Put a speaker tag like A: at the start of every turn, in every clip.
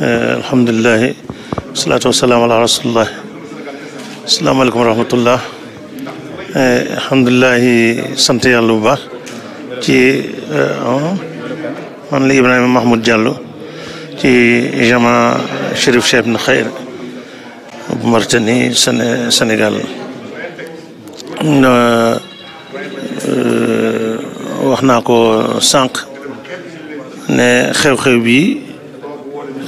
A: Eh, alhamdulilahi wasalaatu wasalaam ala rasulillah asalaamaaleykum wa rahmatullah eh, alhamdulilahi sant yàlla bu baax ci eh, oh, man la Ibrahima Mahmoud Diallo ci jamaa Chérif Cheikh Ibn Khayr bu Mauritanie Sénégal wax naa ko sànq ne xew-xew bi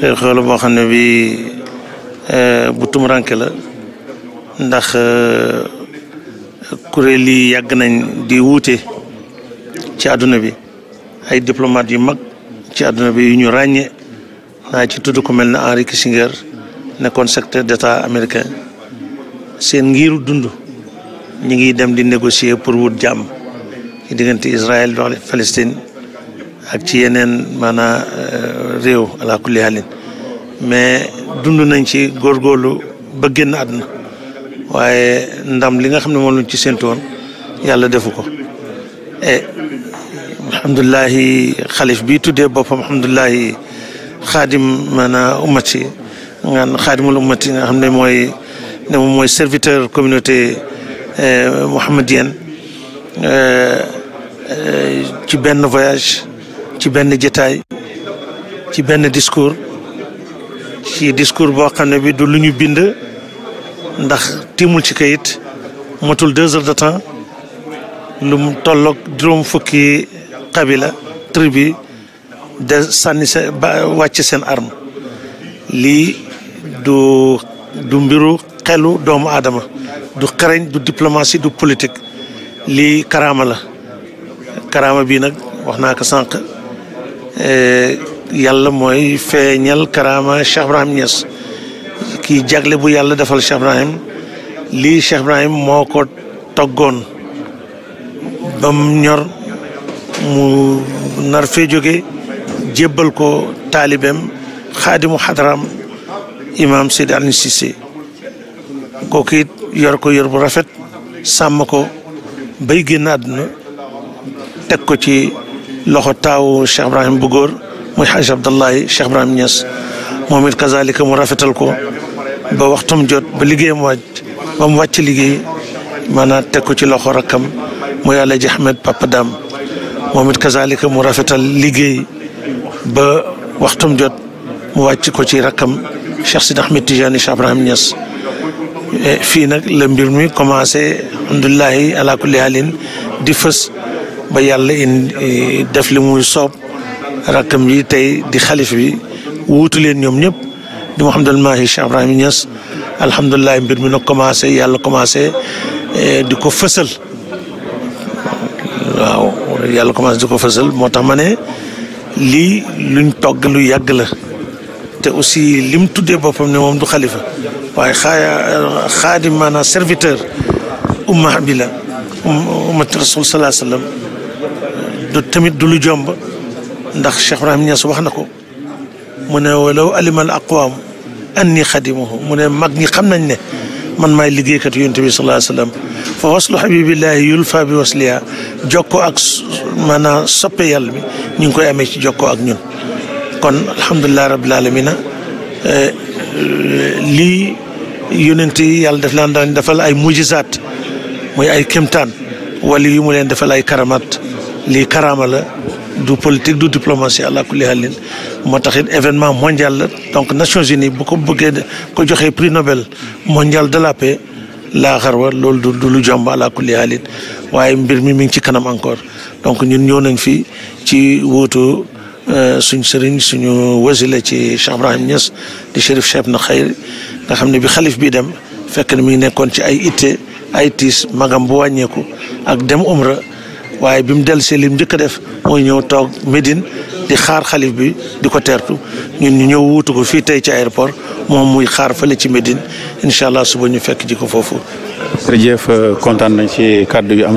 A: xew la boo xam ne bi eh, bu tumuranke la ndax eh, kuréel yi yàgg nañ di wuute ci àdduna bi ay diplomate yu mag ci àdduna bi yu ñu ràññee naa ci tudd ko mel na Henry Kissinger nekkoon secrétaire d'État américain seen ngiru dund ñu ngi dem di négocier pour wut jàmm ci diggante Israël Palestine ak ci yeneen maanaa eh, ريو على كل حالين ما دوند نانشي غورغولو بغن ادنا واي ندام ليغا خامني مول نتي سنتون يالا ديفوكو ا الحمد لله خليف بي تودي بوبام الحمد لله خادم منا امتي نان خادم الامتي غا خامني موي نمو موي سيرفيتور كوميونيتي محمديان ci eh, eh, eh, ben voyage ci ben jetaay ci benn discours ci discours boo xam ne bi du lu ñu bind ndax tiimul ci kayit matul deux heures de temps lu mu tolloog juróom fukki xabila tribu de sànni seen ba wàcc seen arm lii du mbiru xelu doomu aadama du xereñ du diplomatie du politique lii karaama la karaama bii nag wax naa ko sànq eh, yàlla mooy feeñal karaama Cheikh Ibrahim Niass kii jagle bu yàlla defal Cheikh Ibrahim lii Cheikh Ibrahim moo ko toggoon bam ñor mu nar fee jóge jébbal ko taalibeem xaadimu xadaraam imaam Seydi Alioune Cissé kooku yor ko yor bu rafet sàmm ko bay génn àdduna teg ko ci loxo taawu Cheikh Ibrahim bu góor muy Xaj Abdallahi Cheikh Ibrahim Niass moom it kazaalika mu rafetal ko ba waxtum jot ba liggéeyam wàcc ba mu wàcc liggéey maanaam teg ko ci loxo rakkam muy Alaaji Ahmed Papa Dam moom it kazaalika mu rafetal liggéey ba waxtum jot mu wàcc ko ci rakkam Cheikh Sidi Ahmed Tijani Cheikh Ibrahim Niass fii nag la mbir mi commencé alhamdulilahi ala kulli halin di fës ba yàlla in def li muy soob rakam yi tay di xalif bi wutu len ñom ñep di Mouhamadul Mahi Cheikh ibrahim Niass alhamdullah mbir mi nag commencé yàlla commencé di ko fessel waaw yàlla commencé di ko fessel motax mané li luñ togg lu yàgg la te aussi lim tuddé bopam ne mom du xalifa waye khaya khadim mana serviteur umma bi la ummat rasul alayhi wasallam du tamit du lu jomba ندخ الشيخ ابراهيم نيا صباح نكو من ولو علم الاقوام اني خادمه من ماغني خمنا ني من ماي ليغي كات يونتبي صلى الله عليه وسلم فوصل حبيب الله يلفى بوصليا جوكو اك مانا سوبي يال مي نينكو امي سي جوكو اك نون كون الحمد لله رب العالمين لي يونتي يال داف دافال اي معجزات موي اي كيمتان ولي يوم دافال اي كرامات لي كرامه لا du politique du diplomatie àla kulli moo tax it événement mondial donc Nations Unies bu ko bëggee ko joxee prix Nobel mondial de la paix laa loolu du lu jomb àla kulli waaye mbir mi mi ngi ci kanam encore donc ñun ñëw nañ fi ci wóotu euh, suñ sëriñ suñu wasila ci Cheikh Ibrahim di Chérif Cheikh na Khayr nga xam ne bi xalif bii dem fekk ne mi ngi nekkoon ci ay itte ay tiis magam bu wàññeeku ak dem umra waaye bi mu dellu see lim njëkk a def mooy ñëw toog Médine di xaar xalif bi di ko teertu ñun ñu ñëw wuutu ko fii tey ci aéroport moom muy xaar fële ci Médine incha allah suba ñu fekk ji ko foofu. jërëjëf kontaan nañ ci kàddu yu am.